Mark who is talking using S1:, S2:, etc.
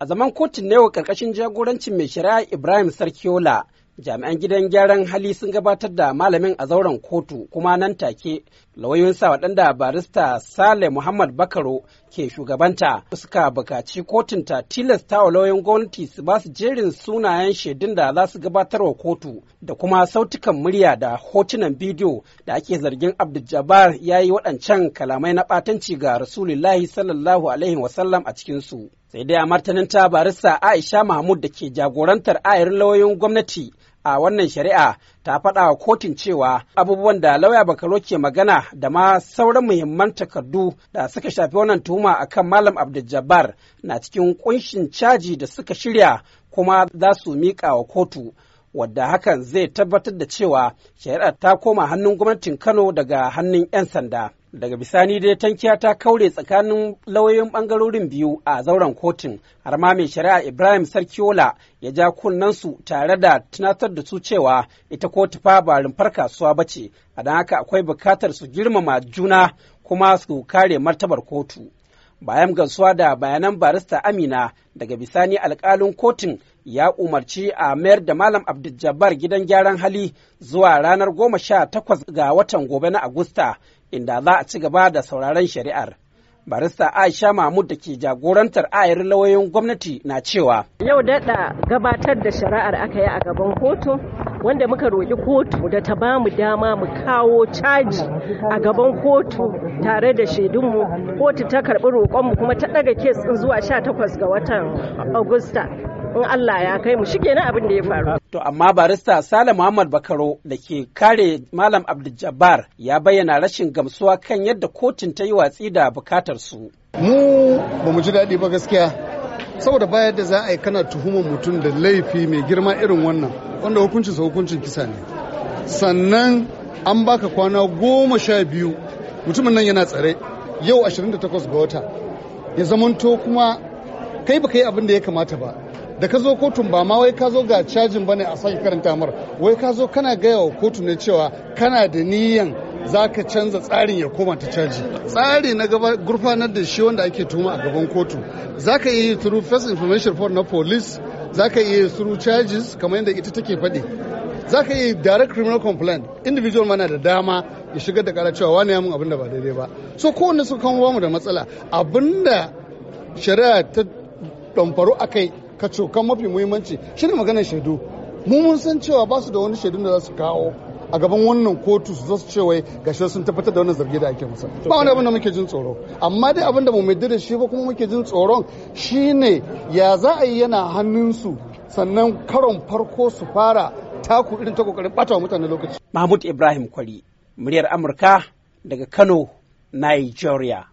S1: A zaman kotun na yau karkashin jagorancin mai shari'a Ibrahim Sarkiola, jami'an gidan gyaran hali sun gabatar da malamin a zauren kotu kuma nan take lauyoyinsa waɗanda barista Sale Muhammad Bakaro ke shugabanta suka bukaci kotun ta tilasta wa lauyoyin gwamnati su ba su jerin sunayen shaidun da za su gabatar wa kotu da kuma sautukan murya da hotunan bidiyo da ake zargin Abdul ya yi waɗancan kalamai na ɓatanci ga Rasulullahi sallallahu alaihi wasallam a cikinsu. sai dai a martanin ta aisha mahmud da ke jagorantar ayarin lauyoyin gwamnati a wannan shari'a ta faɗa wa kotun cewa abubuwan da lauya bakaro ke magana da ma sauran muhimman takardu da suka shafi wannan tuhuma akan malam abdul na cikin kunshin caji da suka shirya kuma za su miƙa wa kotu wadda hakan zai tabbatar da cewa shari'ar ta koma hannun gwamnatin kano daga hannun 'yan sanda daga bisani dai tankiya ta kaure tsakanin lauyoyin bangarorin biyu a zauren kotun har ma mai shari'a ibrahim sarkiola ya ja kunnensu tare da tunatar da su cewa ita kotu fa ba rumfar kasuwa ba ce a don haka akwai bukatar su girmama juna kuma su kare martabar kotu bayan gansuwa da bayanan barista amina daga bisani alkalin kotun ya umarci a mayar da Malam Abdul gidan gyaran hali zuwa ranar goma sha takwas ga watan gobe na Agusta inda za a ci gaba da sauraron shari'ar. barista aisha mahmud da ke jagorantar ayar lauyoyin gwamnati
S2: na cewa yau daɗa gabatar da shari'ar aka yi a gaban kotu wanda muka roƙi kotu da ta ba mu dama mu kawo caji a gaban kotu tare da shaidunmu kotu ta karɓi roƙonmu kuma ta ɗaga kes ɗin zuwa 18 ga watan agusta
S1: in Allah ya kai mu shi kenan abin da ya faru. To amma barista Sale Muhammad Bakaro da ke kare Malam Abdul ya bayyana rashin gamsuwa kan yadda
S3: kotun ta yi watsi da bukatar su. Mu ba mu ji daɗi ba gaskiya saboda bayar da za a yi kana tuhumar mutum da laifi mai girma irin wannan wanda hukuncinsa hukuncin kisa ne sannan an baka kwana goma sha biyu mutumin nan yana tsare yau 28 ga wata ya zamanto kuma kai ba kai abin da ya kamata ba da ka zo kotun ba ma wai ka zo ga cajin bane a sake karanta mar wai ka zo kana gaya wa kotu ne cewa kana da niyyan za ka canza tsarin ya koma ta caji tsari na gaba gurfanar da shi wanda ake tuma a gaban kotu za ka iya through first information report na police za ka iya through charges kamar yadda ita take faɗi za ka iya direct criminal complaint individual mana da dama ya shigar da kara cewa wani ya mun da ba daidai ba so kowanne su kan mu da matsala abinda shari'a ta ɗamfaru a kai kacokan mafi muhimmanci shi ne maganar shaidu mu mun cewa ba su da wani shaidun da za su kawo a gaban wannan kotu su zasu ce wai gashi sun tabbatar da wannan zargi da ake musa ba wani abin da muke jin tsoro amma dai abin da mu mai da shi ba kuma muke jin tsoron shine ya za a yi yana hannun su sannan karon farko su fara taku irin ta kokarin
S1: bata wa mutane lokaci mahmud ibrahim kwari muryar amurka daga kano nigeria